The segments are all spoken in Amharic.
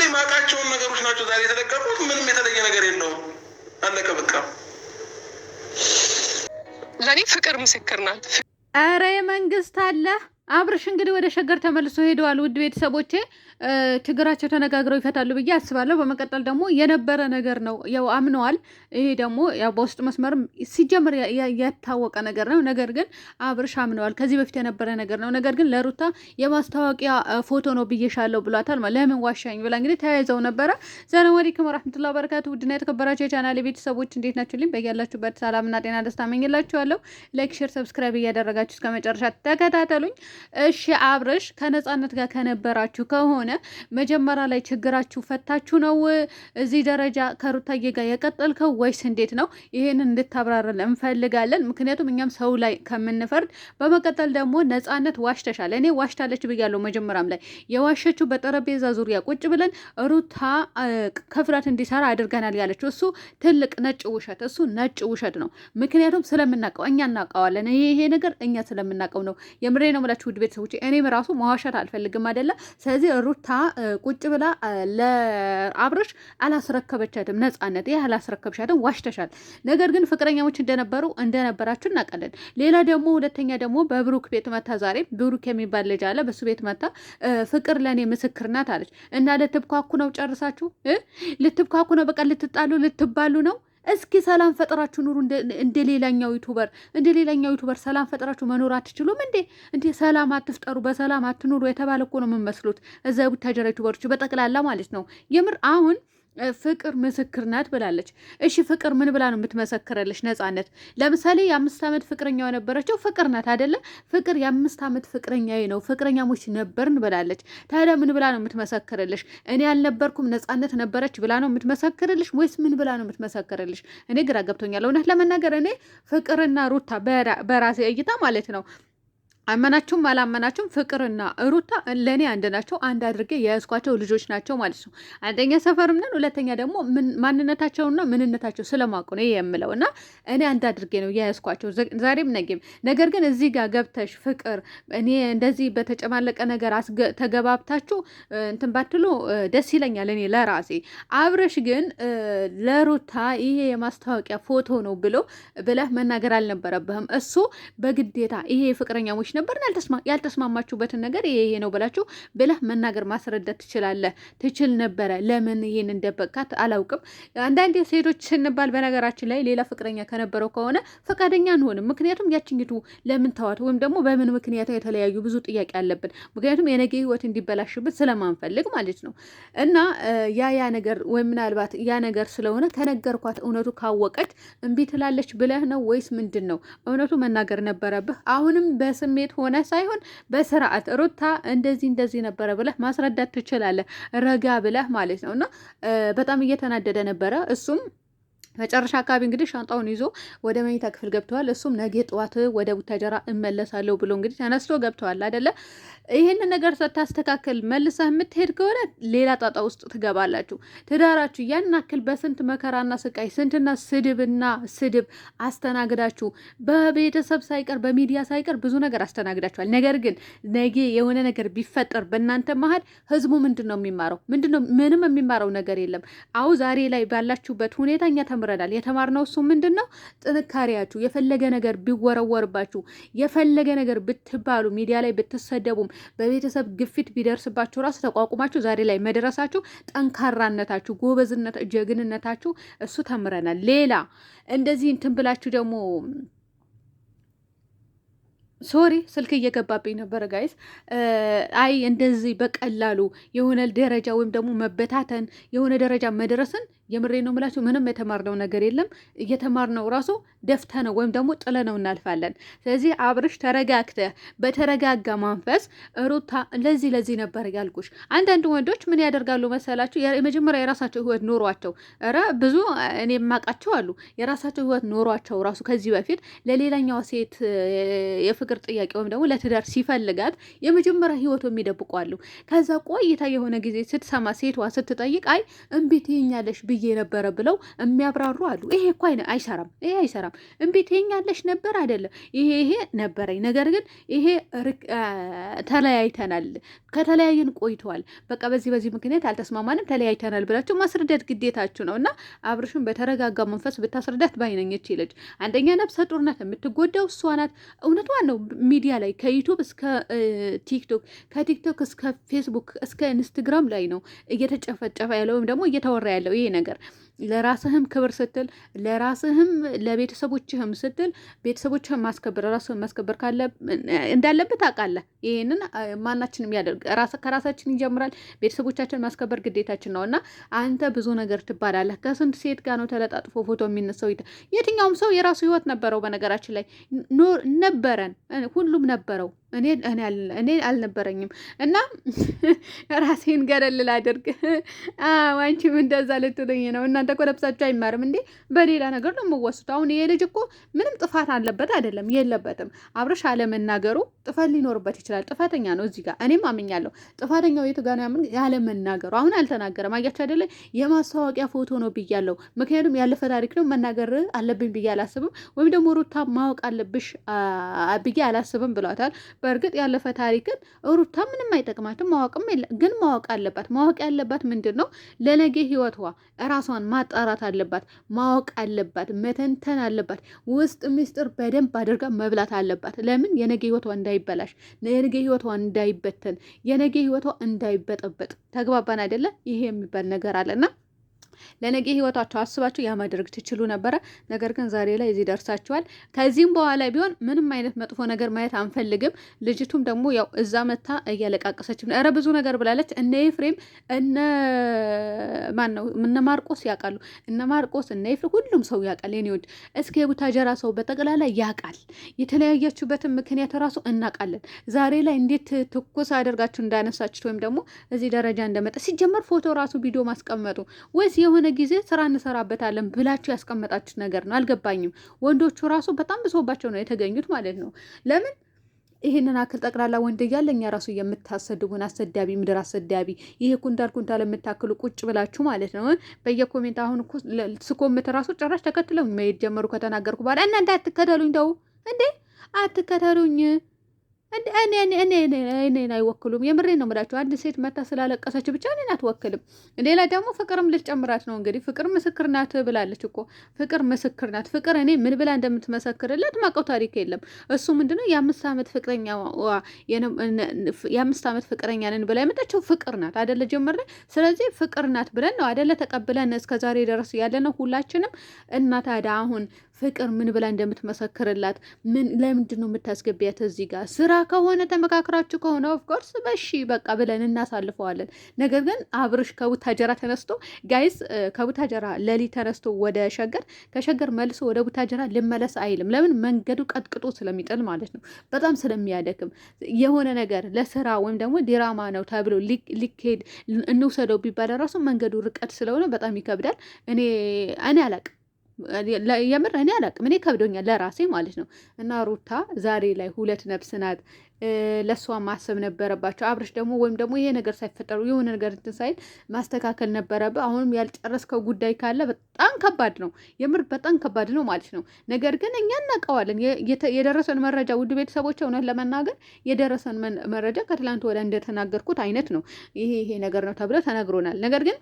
ሁሌ ማውቃቸውን ነገሮች ናቸው ዛሬ የተለቀቁት። ምንም የተለየ ነገር የለውም። አለቀ በቃ። ለእኔ ፍቅር ምስክር ናት። ኧረ የመንግስት አለ አብርሽ እንግዲህ ወደ ሸገር ተመልሶ ሄደዋል። ውድ ቤተሰቦቼ ችግራቸው ተነጋግረው ይፈታሉ ብዬ አስባለሁ። በመቀጠል ደግሞ የነበረ ነገር ነው፣ ያው አምነዋል። ይሄ ደግሞ ያው በውስጥ መስመር ሲጀምር ያታወቀ ነገር ነው። ነገር ግን አብርሽ አምነዋል። ከዚህ በፊት የነበረ ነገር ነው። ነገር ግን ለሩታ የማስታወቂያ ፎቶ ነው ብዬሻለሁ ብሏታል። ለምን ዋሻኝ ብላ እንግዲህ ተያይዘው ነበረ። ሰላም አለይኩም ወራህመቱላሂ ወበረካቱ። ውድና የተከበራቸው የቻናሌ ቤተሰቦች እንዴት ናችሁ? ልኝ በያላችሁበት ሰላምና ጤና ደስታ መኝላችኋለሁ። ላይክ፣ ሼር፣ ሰብስክራይብ እያደረጋችሁ እስከ መጨረሻ ተከታተሉኝ። እሺ አብርሽ ከነጻነት ጋር ከነበራችሁ ከሆነ መጀመሪያ ላይ ችግራችሁ ፈታችሁ ነው እዚህ ደረጃ ከሩታዬ ጋር የቀጠልከው ወይስ እንዴት ነው? ይህን እንድታብራራል እንፈልጋለን። ምክንያቱም እኛም ሰው ላይ ከምንፈርድ፣ በመቀጠል ደግሞ ነጻነት ዋሽተሻል። እኔ ዋሽታለች ብያለሁ። መጀመሪያም ላይ የዋሸችው በጠረጴዛ ዙሪያ ቁጭ ብለን ሩታ ከፍላት እንዲሰራ አድርገናል ያለችው እሱ ትልቅ ነጭ ውሸት፣ እሱ ነጭ ውሸት ነው። ምክንያቱም ስለምናውቀው እኛ እናውቀዋለን። ይሄ ነገር እኛ ስለምናውቀው ነው። የምሬ ነው ብላችሁ ውድ ቤተሰቦች፣ እኔም ራሱ መዋሸት አልፈልግም አይደለ። ስለዚህ ሩታ ቁጭ ብላ ለአብሮች አላስረከበቻትም ነጻነት። ይህ አላስረከብሻትም፣ ዋሽተሻል። ነገር ግን ፍቅረኛሞች እንደነበሩ እንደነበራችሁ እናውቃለን። ሌላ ደግሞ ሁለተኛ ደግሞ በብሩክ ቤት መታ፣ ዛሬ ብሩክ የሚባል ልጅ አለ፣ በሱ ቤት መታ ፍቅር ለእኔ ምስክር ናት አለች እና ልትብኳኩ ነው ጨርሳችሁ ልትብኳኩ ነው በቃ ልትጣሉ ልትባሉ ነው እስኪ ሰላም ፈጥራችሁ ኑሩ። እንደ ሌላኛው ዩቱበር እንደ ሌላኛው ዩቱበር ሰላም ፈጥራችሁ መኖር አትችሉም እንዴ? እንዴ ሰላም አትፍጠሩ፣ በሰላም አትኑሩ የተባለ እኮ ነው የምመስሉት እዛ ቡታጀራ ዩቱበሮች በጠቅላላ ማለት ነው የምር አሁን ፍቅር ምስክር ናት ብላለች። እሺ ፍቅር ምን ብላ ነው የምትመሰክረልሽ? ነጻነት ለምሳሌ የአምስት ዓመት ፍቅረኛው የነበረችው ፍቅር ናት አይደለ? ፍቅር የአምስት ዓመት ፍቅረኛ ነው ፍቅረኛሞች ነበርን ብላለች። ታዲያ ምን ብላ ነው የምትመሰክርልሽ? እኔ ያልነበርኩም ነጻነት ነበረች ብላ ነው የምትመሰክርልሽ ወይስ ምን ብላ ነው የምትመሰክርልሽ? እኔ ግራ ገብቶኛል። እውነት ለመናገር እኔ ፍቅርና ሩታ በራሴ እይታ ማለት ነው አመናችሁም አላመናችሁም ፍቅርና ሩታ ለእኔ አንድ ናቸው። አንድ አድርጌ የያዝኳቸው ልጆች ናቸው ማለት ነው። አንደኛ ሰፈርም ነን፣ ሁለተኛ ደግሞ ማንነታቸውና ምንነታቸው ስለማውቅ ነው የምለው እና እኔ አንድ አድርጌ ነው የያዝኳቸው ዛሬም ነገም። ነገር ግን እዚህ ጋር ገብተሽ ፍቅር እኔ እንደዚህ በተጨማለቀ ነገር ተገባብታችሁ እንትን ባትሉ ደስ ይለኛል እኔ ለራሴ። አብረሽ ግን ለሩታ ይሄ የማስታወቂያ ፎቶ ነው ብሎ ብለህ መናገር አልነበረብህም። እሱ በግዴታ ይሄ ፍቅረኛሞች ነበርን ያልተስማማችሁበትን ነገር ይሄ ነው ብላችሁ ብለህ መናገር ማስረዳት ትችላለህ ትችል ነበረ። ለምን ይህን እንደበቃት አላውቅም። አንዳንዴ ሴቶች ስንባል በነገራችን ላይ ሌላ ፍቅረኛ ከነበረው ከሆነ ፈቃደኛ አንሆንም። ምክንያቱም ያችኝቱ ለምን ተዋት ወይም ደግሞ በምን ምክንያት የተለያዩ ብዙ ጥያቄ አለብን። ምክንያቱም የነገ ህይወት እንዲበላሽበት ስለማንፈልግ ማለት ነው እና ያ ያ ነገር ወይም ምናልባት ያ ነገር ስለሆነ ተነገርኳት እውነቱ ካወቀች እምቢ ትላለች ብለህ ነው ወይስ ምንድን ነው? እውነቱ መናገር ነበረብህ። አሁንም በስሜት ሴት ሆነ ሳይሆን በስርዓት ሩታ እንደዚህ እንደዚህ ነበረ ብለህ ማስረዳት ትችላለህ፣ ረጋ ብለህ ማለት ነው። እና በጣም እየተናደደ ነበረ እሱም መጨረሻ አካባቢ እንግዲህ ሻንጣውን ይዞ ወደ መኝታ ክፍል ገብተዋል። እሱም ነገ ጠዋት ወደ ቡታጀራ እመለሳለሁ ብሎ እንግዲህ ተነስቶ ገብተዋል አይደለ? ይህንን ነገር ስታስተካከል መልሰህ የምትሄድ ከሆነ ሌላ ጣጣ ውስጥ ትገባላችሁ። ትዳራችሁ ያን ያክል በስንት መከራና ስቃይ ስንትና ስድብና ስድብ አስተናግዳችሁ በቤተሰብ ሳይቀር በሚዲያ ሳይቀር ብዙ ነገር አስተናግዳችኋል። ነገር ግን ነገ የሆነ ነገር ቢፈጠር በእናንተ መሀል ህዝቡ ምንድን ነው የሚማረው? ምንድን ነው ምንም የሚማረው ነገር የለም። አሁ ዛሬ ላይ ባላችሁበት ሁኔታ እኛ ተምር ያስተምረናል። የተማርነው እሱ ምንድን ነው? ጥንካሬያችሁ የፈለገ ነገር ቢወረወርባችሁ፣ የፈለገ ነገር ብትባሉ፣ ሚዲያ ላይ ብትሰደቡም፣ በቤተሰብ ግፊት ቢደርስባችሁ ራሱ ተቋቁማችሁ ዛሬ ላይ መድረሳችሁ፣ ጠንካራነታችሁ፣ ጎበዝነት፣ ጀግንነታችሁ እሱ ተምረናል። ሌላ እንደዚህ እንትን ብላችሁ ደግሞ ሶሪ ስልክ እየገባብኝ ነበረ ጋይስ። አይ እንደዚህ በቀላሉ የሆነ ደረጃ ወይም ደግሞ መበታተን የሆነ ደረጃ መድረስን የምሬ ነው የምላችሁ። ምንም የተማርነው ነገር የለም። እየተማርነው ራሱ ደፍተነው ወይም ደግሞ ጥለነው እናልፋለን። ስለዚህ አብርሽ ተረጋግተ በተረጋጋ መንፈስ ሩታ፣ ለዚህ ለዚህ ነበር ያልኩሽ። አንዳንድ ወንዶች ምን ያደርጋሉ መሰላችሁ? የመጀመሪያ የራሳቸው ህይወት ኖሯቸው ረ ብዙ እኔ የማውቃቸው አሉ። የራሳቸው ህይወት ኖሯቸው ራሱ ከዚህ በፊት ለሌላኛው ሴት የፍቅር ጥያቄ ወይም ደግሞ ለትዳር ሲፈልጋት የመጀመሪያ ህይወቱ የሚደብቋሉ። ከዛ ቆይታ የሆነ ጊዜ ስትሰማ ሴቷ ስትጠይቅ አይ እምቢ ይኛለሽ ብ ብዬ ነበረ ብለው የሚያብራሩ አሉ። ይሄ እኮ አይሰራም፣ ይሄ አይሰራም፣ እምቤት የኛለሽ ነበር አይደለም፣ ይሄ ይሄ ነበረኝ፣ ነገር ግን ይሄ ተለያይተናል፣ ከተለያየን ቆይተዋል፣ በቃ በዚህ በዚህ ምክንያት አልተስማማንም፣ ተለያይተናል ብላችሁ ማስረዳት ግዴታችሁ ነው እና አብርሽን በተረጋጋ መንፈስ ብታስረዳት ባይነኘች ይለች። አንደኛ ነብሰ ጡር ናት፣ የምትጎዳው እሷ ናት። ነው። ሚዲያ ላይ ከዩቱብ እስከ ቲክቶክ፣ ከቲክቶክ እስከ ፌስቡክ፣ እስከ ኢንስትግራም ላይ ነው እየተጨፈጨፈ ያለው ወይም ደግሞ እየተወራ ያለው ይሄ ነገር ነገር ለራስህም ክብር ስትል ለራስህም ለቤተሰቦችህም ስትል ቤተሰቦችህም ማስከበር ራስህን ማስከበር ካለ እንዳለብህ ታውቃለህ። ይህንን ማናችንም ያደርግ ከራሳችን ይጀምራል። ቤተሰቦቻችን ማስከበር ግዴታችን ነው እና አንተ ብዙ ነገር ትባላለህ። ከስንት ሴት ጋር ነው ተለጣጥፎ ፎቶ የሚነሳው? የትኛውም ሰው የራሱ ህይወት ነበረው። በነገራችን ላይ ነበረን፣ ሁሉም ነበረው። እኔ አልነበረኝም እና ራሴን ገደል ላድርግ። አንቺም እንደዛ ልትሉኝ ነው እና ካላሳደገ አይማርም እንዴ? በሌላ ነገር ነው የምወስዱ። አሁን ይሄ ልጅ እኮ ምንም ጥፋት አለበት አይደለም የለበትም። አብረሽ አለመናገሩ ጥፋት ሊኖርበት ይችላል። ጥፋተኛ ነው እዚህ ጋር እኔም አምኛለሁ። ጥፋተኛው የት ጋር ነው? ያለመናገሩ አሁን አልተናገረም። አያቸው አይደለ? የማስታወቂያ ፎቶ ነው ብያለሁ። ምክንያቱም ያለፈ ታሪክ ነው መናገር አለብኝ ብዬ አላስብም፣ ወይም ደግሞ ሩታ ማወቅ አለብሽ ብዬ አላስብም ብሏታል። በእርግጥ ያለፈ ታሪክን ሩታ ምንም አይጠቅማትም፣ ማወቅም ግን ማወቅ አለባት። ማወቅ ያለባት ምንድን ነው ለነገ ህይወቷ እራሷን ማጣራት አለባት፣ ማወቅ አለባት፣ መተንተን አለባት። ውስጥ ምስጢር በደንብ አድርጋ መብላት አለባት። ለምን የነገ ህይወቷ እንዳይበላሽ፣ የነገ ህይወቷ እንዳይበተን፣ የነገ ህይወቷ እንዳይበጠበጥ። ተግባባን አይደለ? ይሄ የሚባል ነገር አለና ለነገ ህይወታቸው አስባቸው ያ ማድረግ ትችሉ ነበረ። ነገር ግን ዛሬ ላይ እዚህ ደርሳችኋል። ከዚህም በኋላ ቢሆን ምንም አይነት መጥፎ ነገር ማየት አንፈልግም። ልጅቱም ደግሞ ያው እዛ መታ እያለቃቀሰች ኧረ ብዙ ነገር ብላለች። እነ ኤፍሬም እነ ማን ነው እነ ማርቆስ ያውቃሉ። እነ ማርቆስ እነ ኤፍሬም ሁሉም ሰው ያውቃል። የኔ ወድ እስከ የቡታጀራ ሰው በጠቅላላ ያውቃል። የተለያያችሁበትን ምክንያት ራሱ እናውቃለን። ዛሬ ላይ እንዴት ትኩስ አደርጋችሁ እንዳነሳችሁት ወይም ደግሞ እዚህ ደረጃ እንደመጣ ሲጀመር ፎቶ ራሱ ቪዲዮ ማስቀመጡ ወይስ የሆነ ጊዜ ስራ እንሰራበታለን ብላችሁ ያስቀመጣችሁ ነገር ነው። አልገባኝም። ወንዶቹ ራሱ በጣም ብሶባቸው ነው የተገኙት ማለት ነው። ለምን ይህንን አክል ጠቅላላ ወንድ እያለ እኛ ራሱ የምታሰድቡን አሰዳቢ ምድር አሰዳቢ፣ ይሄ ኩንታል ኩንታል የምታክሉ ቁጭ ብላችሁ ማለት ነው። በየኮሜንት አሁን ስኮምት ራሱ ጭራሽ ተከትለው መሄድ ጀመሩ ከተናገርኩ በኋላ እናንተ አትከተሉኝ፣ ተው እንዴ አትከተሉኝ። እኔን አይወክሉም። የምሬ ነው የምላቸው። አንድ ሴት መታ ስላለቀሰች ብቻ እኔን አትወክልም። ሌላ ደግሞ ፍቅርም ልትጨምራት ነው እንግዲህ። ፍቅር ምስክር ናት ብላለች እኮ ፍቅር ምስክር ናት። ፍቅር እኔ ምን ብላ እንደምትመሰክርለት ማቀው ታሪክ የለም። እሱ ምንድነው የአምስት ዓመት ፍቅረኛ የአምስት ዓመት ፍቅረኛ ነን ብላ የመጣችው ፍቅር ናት አደለ? ስለዚህ ፍቅር ናት ብለን ነው አደለ? ተቀብለን እስከዛሬ ደረስ ያለነው ሁላችንም እና ታዲያ አሁን ፍቅር ምን ብላ እንደምትመሰክርላት ምን ለምንድን ነው የምታስገቢያት እዚህ ጋር ስራ ከሆነ ተመካክራችሁ ከሆነ ኦፍኮርስ በሺ በቃ ብለን እናሳልፈዋለን። ነገር ግን አብርሽ ከቡታጀራ ተነስቶ ጋይስ ከቡታጀራ ለሊ ተነስቶ ወደ ሸገር ከሸገር መልሶ ወደ ቡታጀራ ልመለስ አይልም። ለምን መንገዱ ቀጥቅጦ ስለሚጥል ማለት ነው። በጣም ስለሚያደክም የሆነ ነገር ለስራ ወይም ደግሞ ዲራማ ነው ተብሎ ሊኬድ እንውሰደው ቢባል ራሱ መንገዱ ርቀት ስለሆነ በጣም ይከብዳል። እኔ እኔ አላቅም የምር እኔ አላቅም። እኔ ከብዶኛል ለራሴ ማለት ነው። እና ሩታ ዛሬ ላይ ሁለት ነፍስ ናት። ለእሷ ማሰብ ነበረባቸው። አብርሽ ደግሞ ወይም ደግሞ ይሄ ነገር ሳይፈጠሩ የሆነ ነገር እንትን ሳይል ማስተካከል ነበረብህ። አሁንም ያልጨረስከው ጉዳይ ካለ በጣም ከባድ ነው። የምር በጣም ከባድ ነው ማለት ነው። ነገር ግን እኛ እናውቀዋለን የደረሰን መረጃ። ውድ ቤተሰቦች፣ እውነት ለመናገር የደረሰን መረጃ ከትላንት ወደ እንደተናገርኩት አይነት ነው። ይሄ ይሄ ነገር ነው ተብሎ ተነግሮናል። ነገር ግን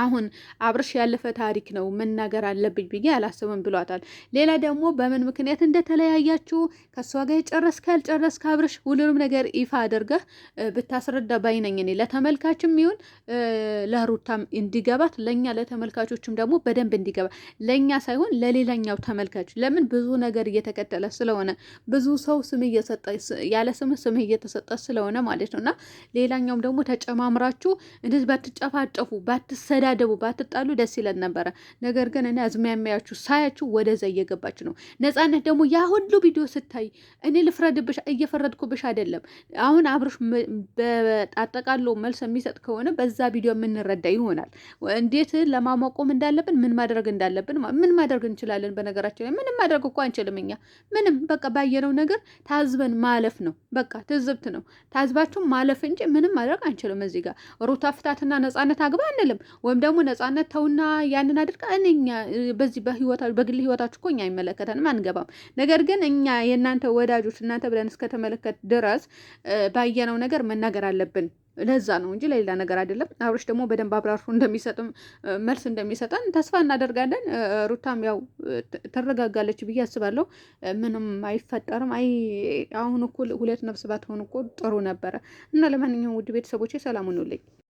አሁን አብርሽ ያለፈ ታሪክ ነው መናገር አለብኝ ብዬ አላስብም ብሏታል። ሌላ ደግሞ በምን ምክንያት እንደተለያያችሁ ከእሷ ጋር የጨረስክ ያልጨረስክ አብርሽ ሁሉንም ነገር ይፋ አድርገህ ብታስረዳ ባይነኝ እኔ ለተመልካችም ይሁን ለሩታም እንዲገባት ለእኛ ለተመልካቾችም ደግሞ በደንብ እንዲገባ ለእኛ ሳይሆን ለሌላኛው ተመልካች ለምን ብዙ ነገር እየተከተለ ስለሆነ ብዙ ሰው ስም እየሰጠ ያለ ስም ስም እየተሰጠ ስለሆነ ማለት ነው እና ሌላኛውም ደግሞ ተጨማምራችሁ እንደዚህ ባትጨፋጨፉ ባትሰ ተደባደቡ፣ ባትጣሉ ደስ ይለን ነበረ። ነገር ግን እኔ አዝማሚያችሁ ሳያችሁ ወደዛ እየገባች ነው። ነፃነት ደግሞ ያ ሁሉ ቪዲዮ ስታይ እኔ ልፍረድብሽ እየፈረድኩብሽ አይደለም። አሁን አብርሽ በጣጠቃሎ መልስ የሚሰጥ ከሆነ በዛ ቪዲዮ የምንረዳ ይሆናል። እንዴት ለማሞቆም እንዳለብን ምን ማድረግ እንዳለብን ምን ማድረግ እንችላለን። በነገራችን ላይ ምንም ማድረግ እኮ አንችልም እኛ ምንም። በቃ ባየነው ነገር ታዝበን ማለፍ ነው። በቃ ትዝብት ነው። ታዝባችሁ ማለፍ እንጂ ምንም ማድረግ አንችልም። እዚህ ጋር ሩታ ፍታትና ነፃነት አግባ አንልም። ወይም ደግሞ ነፃነት ተውና ያንን አድርጋ እኛ በዚህ በግል ህይወታችሁ እኮ እኛ አይመለከተንም፣ አንገባም። ነገር ግን እኛ የእናንተ ወዳጆች እናንተ ብለን እስከተመለከት ድረስ ባየነው ነገር መናገር አለብን። ለዛ ነው እንጂ ለሌላ ነገር አይደለም። አብሮች ደግሞ በደንብ አብራርፎ እንደሚሰጥም መልስ እንደሚሰጠን ተስፋ እናደርጋለን። ሩታም ያው ትረጋጋለች ብዬ አስባለሁ። ምንም አይፈጠርም። አይ አሁን እኩል ሁለት ነፍስ ባትሆን እኮ ጥሩ ነበረ እና ለማንኛውም ውድ ቤተሰቦቼ ሰላም ሁኑልኝ።